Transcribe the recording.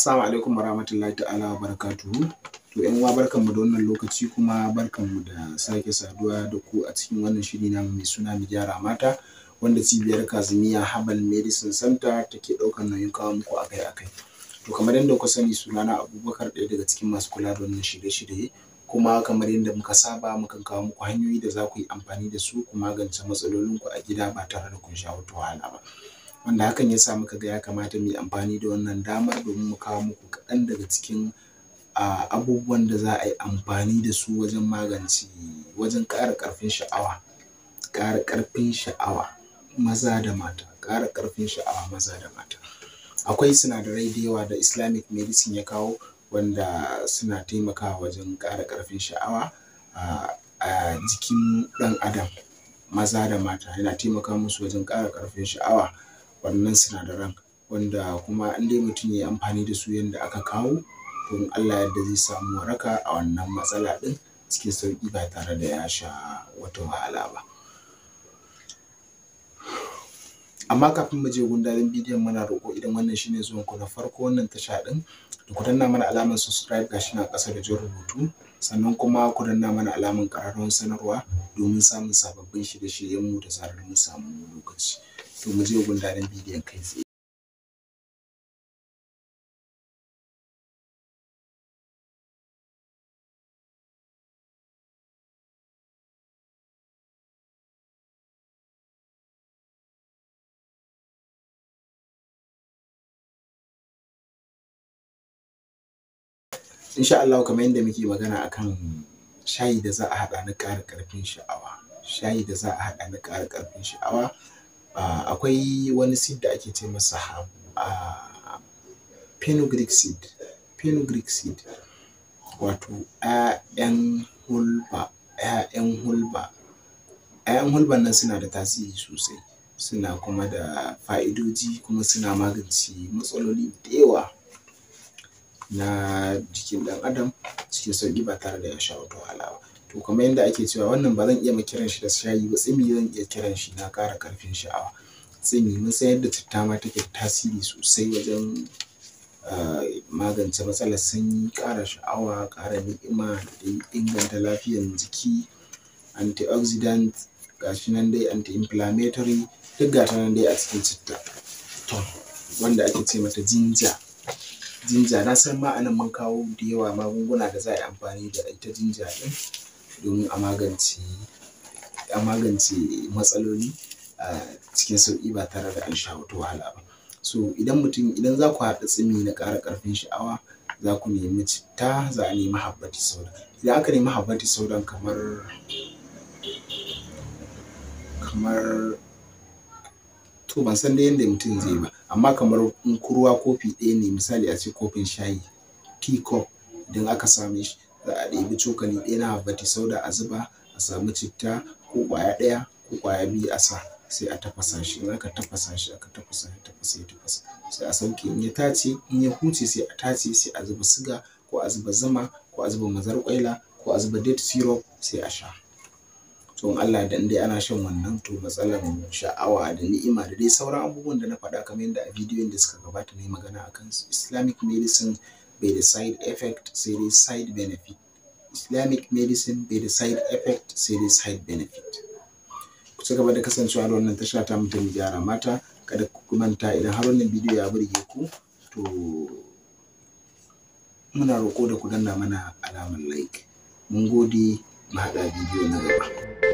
Assalamu alaikum warahmatullahi ta'ala barakatuhu. To ƴan uwa barkanmu da wannan lokaci kuma barkanmu da sake saduwa da ku a cikin wannan shiri na mai suna mu gyara mata wanda cibiyar Kazimiya habal Medicine Center take ɗaukar nauyin kawo muku akai akai. To kamar yadda ku sani sunana Abubakar ɗaya daga cikin masu kula da wannan shirye-shirye kuma kamar yadda muka saba mukan kawo muku hanyoyi da za ku yi amfani da su ku magance matsalolinku a gida ba tare da kun sha wata wahala ba. wanda hakan ya sa muka ga ya kamata mu yi amfani da wannan damar domin mu kawo muku kaɗan daga cikin abubuwan da za a yi amfani da su wajen magance wajen ƙara ƙarfin sha'awa ƙara ƙarfin sha'awa maza da mata ƙara ƙarfin sha'awa maza da mata akwai sinadarai da yawa da islamic medicine ya kawo wanda suna taimakawa wajen ƙara ƙarfin sha'awa a jikin ɗan adam maza da mata yana taimaka musu wajen ƙara ƙarfin sha'awa wannan sinadaran wanda kuma in dai mutum ya amfani da su yadda aka kawo to in Allah yadda zai samu waraka a wannan matsala din cikin sauki ba tare da ya sha wata wahala ba amma kafin mu je gundarin bidiyon muna roƙo idan wannan shine zuwan ku na farko wannan tasha ɗin da ku danna mana alamar subscribe gashi na ƙasa da jin rubutu sannan kuma ku danna mana alamar ƙararrawar sanarwa domin samun sababbin shirye shiryen mu da zarar mun samu lokaci to mu je gundaren bidiyon kai tsaye insha Allah kamar yadda muke magana akan shayi da za a haɗa na ƙara ƙarfin sha'awa shayi da za a haɗa na ƙara ƙarfin sha'awa akwai wani seed da ake ce masa fenugreek seed fenugreek seed wato ƴaƴan hulba Ƴaƴan hulba hulba nan suna da tasiri sosai suna kuma da fa'idoji kuma suna magance matsaloli da yawa na jikin ɗan adam cikin sauƙi ba tare da ya sha wata wahala ba to kamar yadda ake cewa wannan ba zan iya ma kiran shi da shayi ba tsimi zan iya kiran shi na kara karfin sha'awa tsimi mun san yadda citta ma take tasiri sosai wajen eh, magance matsalar sanyi ƙara sha'awa ƙara ni'ima da inganta lafiyar jiki antioxidant gashi nan dai anti-inflammatory duk gata nan dai a cikin citta to wanda ake ce mata jinja jinja na san ma'anan mun kawo da yawa magunguna da za a yi amfani da ita jinja din. domin a magance matsaloli a cikin sauki ba tare da an sha wata wahala ba so idan mutum idan za ku haɗa tsimi na ƙara ƙarfin sha'awa za ku nemi citta za a nemi habbati sauran. idan aka nemi habbati sauran, kamar kamar to ban san da yadda mutum zai ba amma kamar in ruwa kofi ɗaya ne misali a ce kofin shayi tea cup idan aka same shi za a ɗebi cokali ɗaya na sau da a zuba a samu citta ko ƙwaya ɗaya ko ƙwaya biyu a sa sai a tafasa shi in aka tafasa shi aka tafasa ya tafasa ya tafasa sai a sauke in ya tace in ya huce sai a tace sai a zuba siga ko a zuba zuma ko a zuba mazar ƙwaila ko a zuba date syrup sai a sha to in Allah da dai ana shan wannan to matsalar sha'awa da ni'ima da dai sauran abubuwan da na faɗa kamar yadda a bidiyon da suka gabata na yi magana akan islamic medicine be the side effect sai dai side benefit islamic medicine bai da side effect sai dai side benefit ku ci gaba da kasancewa da wannan tasha ta mutum gyara mata kada ku manta idan har wannan bidiyo ya burge ku to muna roƙo da ku danna mana alamar like mun gode mu haɗa bidiyo na gaba